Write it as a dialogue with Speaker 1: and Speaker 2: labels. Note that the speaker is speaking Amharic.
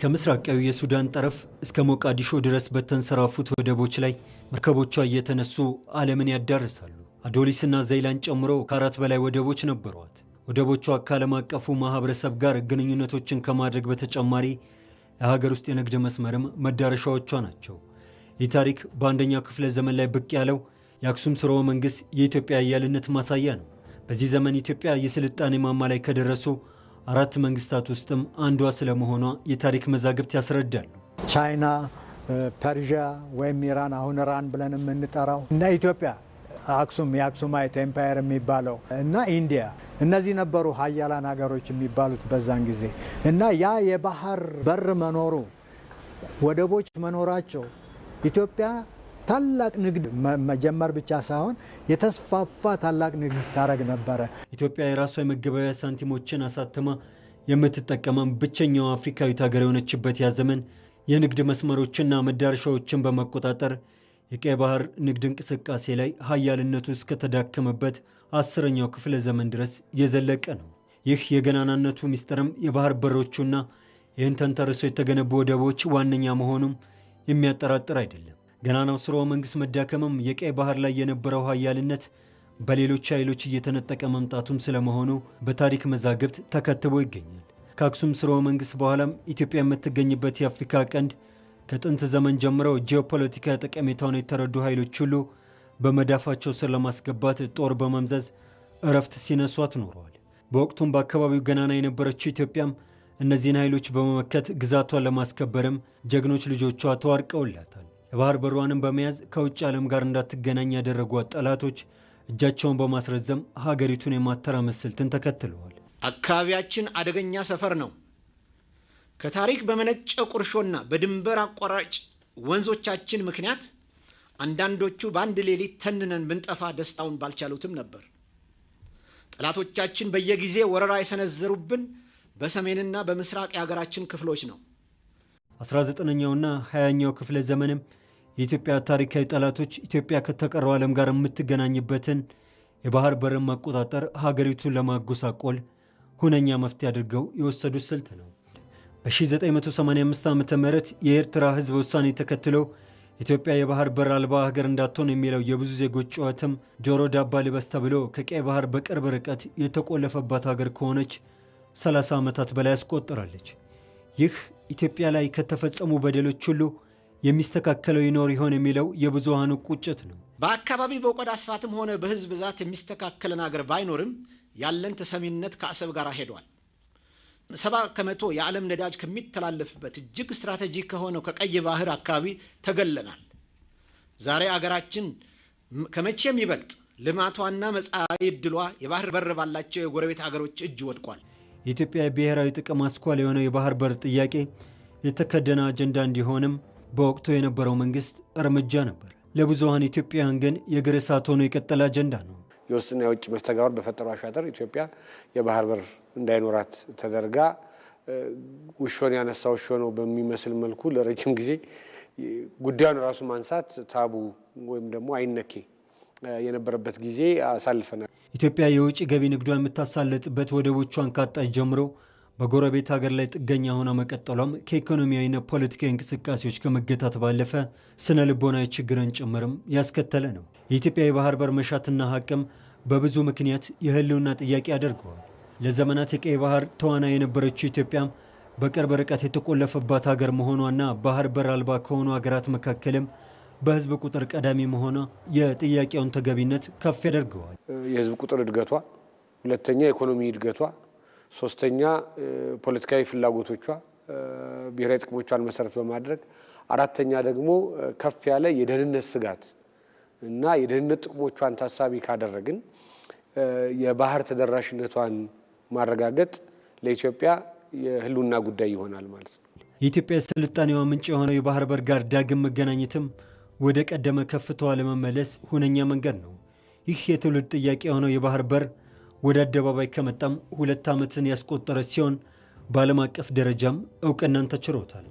Speaker 1: ከምስራቃዊ የሱዳን ጠረፍ እስከ ሞቃዲሾ ድረስ በተንሰራፉት ወደቦች ላይ መርከቦቿ እየተነሱ ዓለምን ያዳርሳሉ። አዶሊስና ዘይላን ጨምሮ ከአራት በላይ ወደቦች ነበሯት። ወደቦቿ ከዓለም አቀፉ ማኅበረሰብ ጋር ግንኙነቶችን ከማድረግ በተጨማሪ ለሀገር ውስጥ የንግድ መስመርም መዳረሻዎቿ ናቸው። ይህ ታሪክ በአንደኛው ክፍለ ዘመን ላይ ብቅ ያለው የአክሱም ሥርወ መንግሥት የኢትዮጵያ አያልነት ማሳያ ነው። በዚህ ዘመን ኢትዮጵያ የሥልጣኔ ማማ ላይ ከደረሱ አራት መንግስታት ውስጥም አንዷ ስለመሆኗ የታሪክ መዛግብት ያስረዳል
Speaker 2: ቻይና፣ ፐርዣ ወይም ኢራን አሁን ራን ብለን የምንጠራው እና ኢትዮጵያ አክሱም የአክሱማይት ኤምፓየር የሚባለው እና ኢንዲያ እነዚህ ነበሩ ሀያላን ሀገሮች የሚባሉት በዛን ጊዜ እና ያ የባህር በር መኖሩ ወደቦች መኖራቸው ኢትዮጵያ ታላቅ ንግድ መጀመር ብቻ ሳይሆን የተስፋፋ ታላቅ ንግድ ታደረግ ነበረ።
Speaker 1: ኢትዮጵያ የራሷ የመገበያ ሳንቲሞችን አሳትማ የምትጠቀመም ብቸኛው አፍሪካዊት ሀገር የሆነችበት ያ ዘመን የንግድ መስመሮችና መዳረሻዎችን በመቆጣጠር የቀይ ባህር ንግድ እንቅስቃሴ ላይ ሀያልነቱ እስከተዳከመበት አስረኛው ክፍለ ዘመን ድረስ የዘለቀ ነው። ይህ የገናናነቱ ሚስጥርም የባህር በሮቹና ይህን ተንተርሶ የተገነቡ ወደቦች ዋነኛ መሆኑም የሚያጠራጥር አይደለም። ገናናው ስርወ መንግሥት መዳከምም የቀይ ባህር ላይ የነበረው ኃያልነት በሌሎች ኃይሎች እየተነጠቀ መምጣቱም ስለመሆኑ በታሪክ መዛግብት ተከትቦ ይገኛል። ከአክሱም ስርወ መንግሥት በኋላም ኢትዮጵያ የምትገኝበት የአፍሪካ ቀንድ ከጥንት ዘመን ጀምረው ጂኦፖለቲካ ጠቀሜታውን የተረዱ ኃይሎች ሁሉ በመዳፋቸው ስር ለማስገባት ጦር በመምዘዝ እረፍት ሲነሷት ኖረዋል። በወቅቱም በአካባቢው ገናና የነበረችው ኢትዮጵያም እነዚህን ኃይሎች በመመከት ግዛቷን ለማስከበርም ጀግኖች ልጆቿ ተዋርቀውላታል። የባህር በሯንም በመያዝ ከውጭ ዓለም ጋር እንዳትገናኝ ያደረጓት ጠላቶች እጃቸውን በማስረዘም ሀገሪቱን የማተራመስ ስልትን ተከትለዋል።
Speaker 3: አካባቢያችን አደገኛ ሰፈር ነው። ከታሪክ በመነጨ ቁርሾና በድንበር አቋራጭ ወንዞቻችን ምክንያት አንዳንዶቹ በአንድ ሌሊት ተንነን ብንጠፋ ደስታውን ባልቻሉትም ነበር። ጠላቶቻችን በየጊዜ ወረራ የሰነዘሩብን በሰሜንና በምስራቅ የሀገራችን ክፍሎች ነው።
Speaker 1: 19ኛውና 20ኛው ክፍለ ዘመንም የኢትዮጵያ ታሪካዊ ጠላቶች ኢትዮጵያ ከተቀረው ዓለም ጋር የምትገናኝበትን የባህር በርን መቆጣጠር ሀገሪቱን ለማጎሳቆል ሁነኛ መፍትሄ አድርገው የወሰዱት ስልት ነው። በ1985 ዓ ም የኤርትራ ህዝብ ውሳኔ ተከትለው ኢትዮጵያ የባህር በር አልባ ሀገር እንዳትሆን የሚለው የብዙ ዜጎች ጩኸትም ጆሮ ዳባ ልበስ ተብሎ ከቀይ ባህር በቅርብ ርቀት የተቆለፈባት ሀገር ከሆነች 30 ዓመታት በላይ ያስቆጠራለች። ይህ ኢትዮጵያ ላይ ከተፈጸሙ በደሎች ሁሉ የሚስተካከለው ይኖር ይሆን የሚለው የብዙሃኑ ቁጭት ነው።
Speaker 3: በአካባቢ በቆዳ ስፋትም ሆነ በህዝብ ብዛት የሚስተካከልን አገር ባይኖርም ያለን ተሰሚነት ከአሰብ ጋር ሄዷል። ሰባ ከመቶ የዓለም ነዳጅ ከሚተላለፍበት እጅግ ስትራቴጂክ ከሆነው ከቀይ ባህር አካባቢ ተገለናል። ዛሬ አገራችን ከመቼም ይበልጥ ልማቷና መጻኢ ዕድሏ የባህር በር ባላቸው የጎረቤት አገሮች እጅ ወድቋል።
Speaker 1: የኢትዮጵያ ብሔራዊ ጥቅም አስኳል የሆነው የባህር በር ጥያቄ የተከደነ አጀንዳ እንዲሆንም በወቅቱ የነበረው መንግስት እርምጃ ነበር። ለብዙሀን ኢትዮጵያውያን ግን የእግር እሳት ሆኖ የቀጠለ አጀንዳ ነው።
Speaker 4: የውስጥና የውጭ መስተጋብር በፈጠሩ አሻጥር ኢትዮጵያ የባህር በር እንዳይኖራት ተደርጋ ውሾን ያነሳ ውሾ ነው በሚመስል መልኩ ለረጅም ጊዜ ጉዳዩን ራሱ ማንሳት ታቡ ወይም ደግሞ አይነኬ የነበረበት ጊዜ አሳልፈናል።
Speaker 1: ኢትዮጵያ የውጭ ገቢ ንግዷን የምታሳለጥበት ወደቦቿን ካጣች ጀምሮ በጎረቤት ሀገር ላይ ጥገኛ ሆና መቀጠሏም ከኢኮኖሚያዊና ፖለቲካዊ እንቅስቃሴዎች ከመገታት ባለፈ ስነ ልቦናዊ ችግርን ጭምርም ያስከተለ ነው። የኢትዮጵያ የባህር በር መሻትና ሀቅም በብዙ ምክንያት የህልውና ጥያቄ አድርገዋል። ለዘመናት የቀይ ባህር ተዋና የነበረችው ኢትዮጵያም በቅርብ ርቀት የተቆለፈባት ሀገር መሆኗና ባህር በር አልባ ከሆኑ ሀገራት መካከልም በህዝብ ቁጥር ቀዳሚ መሆኗ የጥያቄውን ተገቢነት ከፍ ያደርገዋል።
Speaker 5: የህዝብ ቁጥር እድገቷ፣ ሁለተኛ የኢኮኖሚ እድገቷ ሶስተኛ ፖለቲካዊ ፍላጎቶቿ ብሔራዊ ጥቅሞቿን መሰረት በማድረግ አራተኛ ደግሞ ከፍ ያለ የደህንነት ስጋት እና የደህንነት ጥቅሞቿን ታሳቢ ካደረግን የባህር ተደራሽነቷን ማረጋገጥ ለኢትዮጵያ የህልውና ጉዳይ ይሆናል ማለት ነው።
Speaker 1: የኢትዮጵያ ስልጣኔዋ ምንጭ የሆነው የባህር በር ጋር ዳግም መገናኘትም ወደ ቀደመ ከፍታዋ ለመመለስ ሁነኛ መንገድ ነው። ይህ የትውልድ ጥያቄ የሆነው የባህር በር ወደ አደባባይ ከመጣም ሁለት ዓመትን ያስቆጠረች ሲሆን በዓለም አቀፍ ደረጃም እውቅናን ተችሮታል።